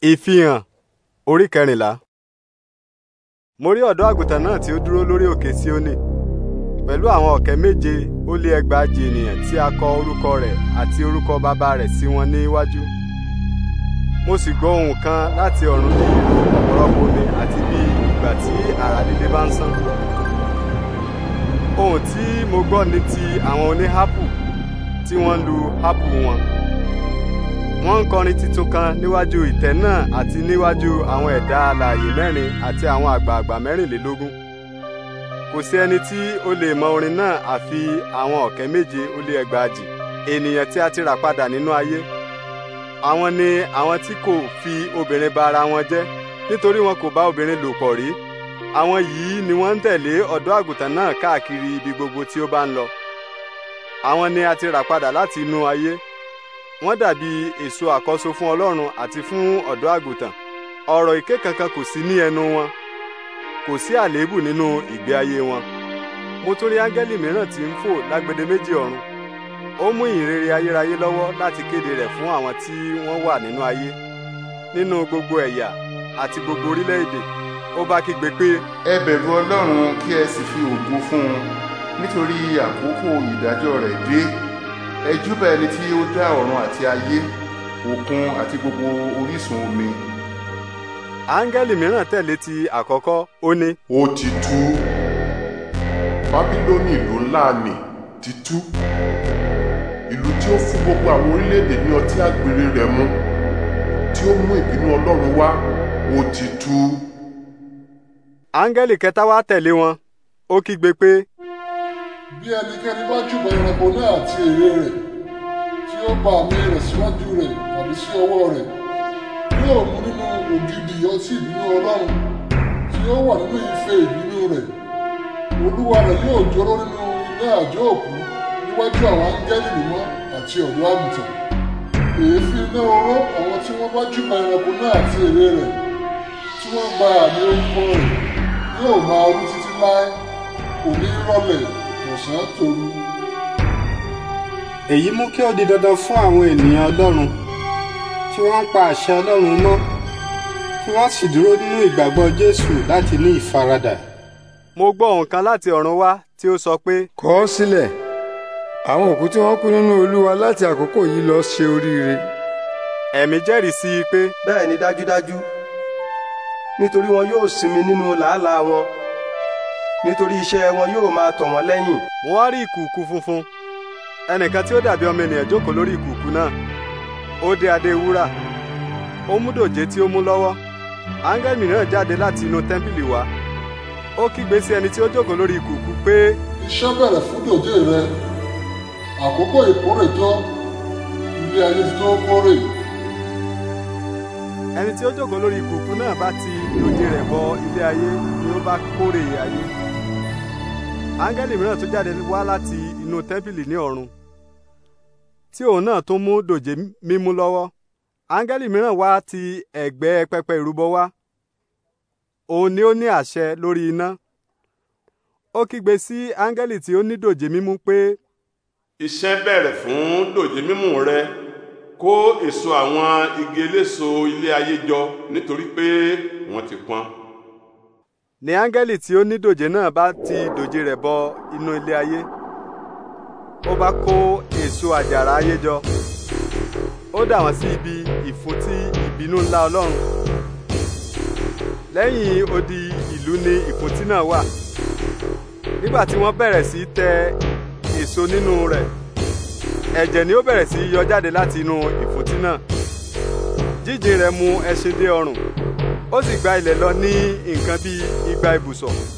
ìfihàn orí kẹrìnlá. mo rí ọ̀dọ́ àgùntàn náà tí ó dúró lórí òkè Síónì pẹ̀lú àwọn ọ̀kẹ́ méje ó lé ẹgbàájì ènìyàn tí a kọ orúkọ rẹ̀ àti orúkọ bàbá rẹ̀ sí wọn ní mo sì gbọ́ ohùn kan láti ọ̀run ní ìlú ọ̀pọ̀lọpọ̀ omi àti bí ìgbà tí àrà líle bá ń sán. ohùn tí mo gbọ́ ni ti àwọn oníhápù tí wọ́n lu hápù wọn wọ́n ń kọrin titun kan níwájú ìtẹ́ náà àti níwájú àwọn ẹ̀dá alààyè mẹ́rin àti àwọn àgbààgbà mẹ́rìnlélógún kò sí ẹni tí ó lè mọ orin náà àfi àwọn ọ̀kẹ́ méje ó lé ẹgbàajì ènìyàn tí a ti rà padà nínú ayé àwọn ni àwọn tí kò fi obìnrin ba ara wọn jẹ́ nítorí wọn kò bá obìnrin lò pọ̀ rí àwọn yìí ni wọ́n ń tẹ̀lé ọ̀dọ́ àgùntàn náà káàkiri ibi gbogbo tí ó bá ń lọ àwọn ni a ti rà padà láti inú ayé wọ́n dàbí èso àkọ́so fún ọlọ́run àti fún ọ̀dọ́ àgùntàn ọ̀rọ̀ ìké kankan kò sí ní ẹnu wọn kò sí àléébù nínú ìgbé ayé wọn mo tún rí áńgẹ́lì mìíràn tí ń fò lágbede méjì ọ̀run ó mú ìrere ayérayé lọ́wọ́ láti kéde rẹ̀ fún àwọn tí wọ́n wà nínú ayé nínú gbogbo ẹ̀yà àti gbogbo orílẹ̀-èdè ó bá kígbe pé. ẹ bẹ̀rù ọlọ́run kí ẹ sì fi ògo fún un nítorí àkókò ìdájọ́ rẹ̀ dé ẹ júbà ẹni tí ó dá ọ̀run àti ayé òkun àti gbogbo orísun omi. áńgẹ́lì mìíràn tẹ̀lé ti àkọ́kọ́ ó ní. ó ti tú bábílónì ìlú ńlá nì ti tú ìlú tí ó fún gbogbo àwọn orílẹ̀-èdè ní ọtí àgbèrè rẹ̀ mu tí ó mú ìbínú ọlọ́run wá ó ti tú. áńgẹ́lì kẹta wá tẹ̀lé wọn ó kígbe pé. bí ẹnikẹ́ni bá jùbọ̀ ẹranko náà àti ère rẹ̀ tí ó gba rẹ̀ síwájú rẹ̀ tàbí sí ọwọ́ rẹ̀ yóò mú nínú ògidì ọtí ìbínú ọlọ́run tí ó wà nínú ife ìbínú rẹ̀ olúwa rẹ̀ yóò jóró nínú ilé àjọ òkú níwájú àwọn áńgẹ́lì mímọ́ àti ọ̀dọ́ àgùntàn èéfín iná oró àwọn tí wọ́n bá jùbọ̀ ẹranko náà àti rẹ̀ tí wọ́n rẹ̀ ọ̀sán tòru. èyí mú kí ó di dandan fún àwọn ènìyàn ọlọ́run tí wọ́n ń pa àṣẹ ọlọ́run mọ́ kí wọ́n sì dúró nínú ìgbàgbọ́ jésù láti ní ìfaradà. mo gbọ́ ohùn kan láti ọ̀run wá tí ó sọ pé. kọ ọ́ sílẹ̀ àwọn òkú tí wọ́n kú nínú olúwa láti àkókò yìí lọ ṣe oríire. ẹ̀mí jẹ́rìí sí i pé. bẹ́ẹ̀ ni dájúdájú nítorí wọn yóò sinmi nínú làálàá wọn nítorí iṣẹ́ wọn yóò máa tọ̀ wọ́n lẹ́yìn. mo wá rí ìkùkù funfun ẹnìkan tí ó dàbí ọmọ ènìyàn jókòó lórí ìkùkù náà ó dé adé wúrà ó mú dòjé tí ó mú lọ́wọ́ áńgẹ́lì mìíràn jáde láti inú tẹ́ḿpìlì wá ó kígbe sí ẹni tí ó jókòó lórí ìkùkù pé. iṣẹ́ bẹ̀rẹ̀ fún dòjé rẹ àkókò ìkórè tó ilé ayé ti tó kórè. ẹni tí ó jókòó lórí ìkùkù náà bá ti dòjé rẹ̀ bọ ilé ayé ni ó bá kórè ayé áńgẹ́lì mìíràn tún jáde wá láti inú tẹ́ḿpìlì ní ọ̀run tí òun náà tún mú dòjé mímú lọ́wọ́ áńgẹ́lì mìíràn wá ti ẹ̀gbẹ́ pẹpẹ ìrúbọ wá òun ni ó ní àṣẹ lórí iná ó kígbe sí áńgẹ́lì tí ó ní dòjé mímú pé. iṣẹ́ bẹ̀rẹ̀ fún dòjé mímú rẹ kó èso àwọn igi eléso ilé ayé jọ nítorí pé wọ́n ti pọ́n ni áńgẹ́lì tí ó ní dòjé náà bá ti dòjé rẹ̀ bọ inú ilé ayé ó bá kó èso àjàrà ayé jọ ó dà wọ́n sí ibi ìfúntí ìbínú ńlá ọlọ́run lẹ́yìn odi ìlú ni ìfúntí náà wà nígbà tí wọ́n bẹ̀rẹ̀ sí tẹ èso nínú rẹ̀ ẹ̀jẹ̀ ni ó bẹ̀rẹ̀ sí yọ jáde láti inú ìfúntí náà jíjìn rẹ̀ mú ẹṣin dé ọrùn ó sì gba ilẹ̀ lọ ní nǹkan bíi igba ibùsọ̀.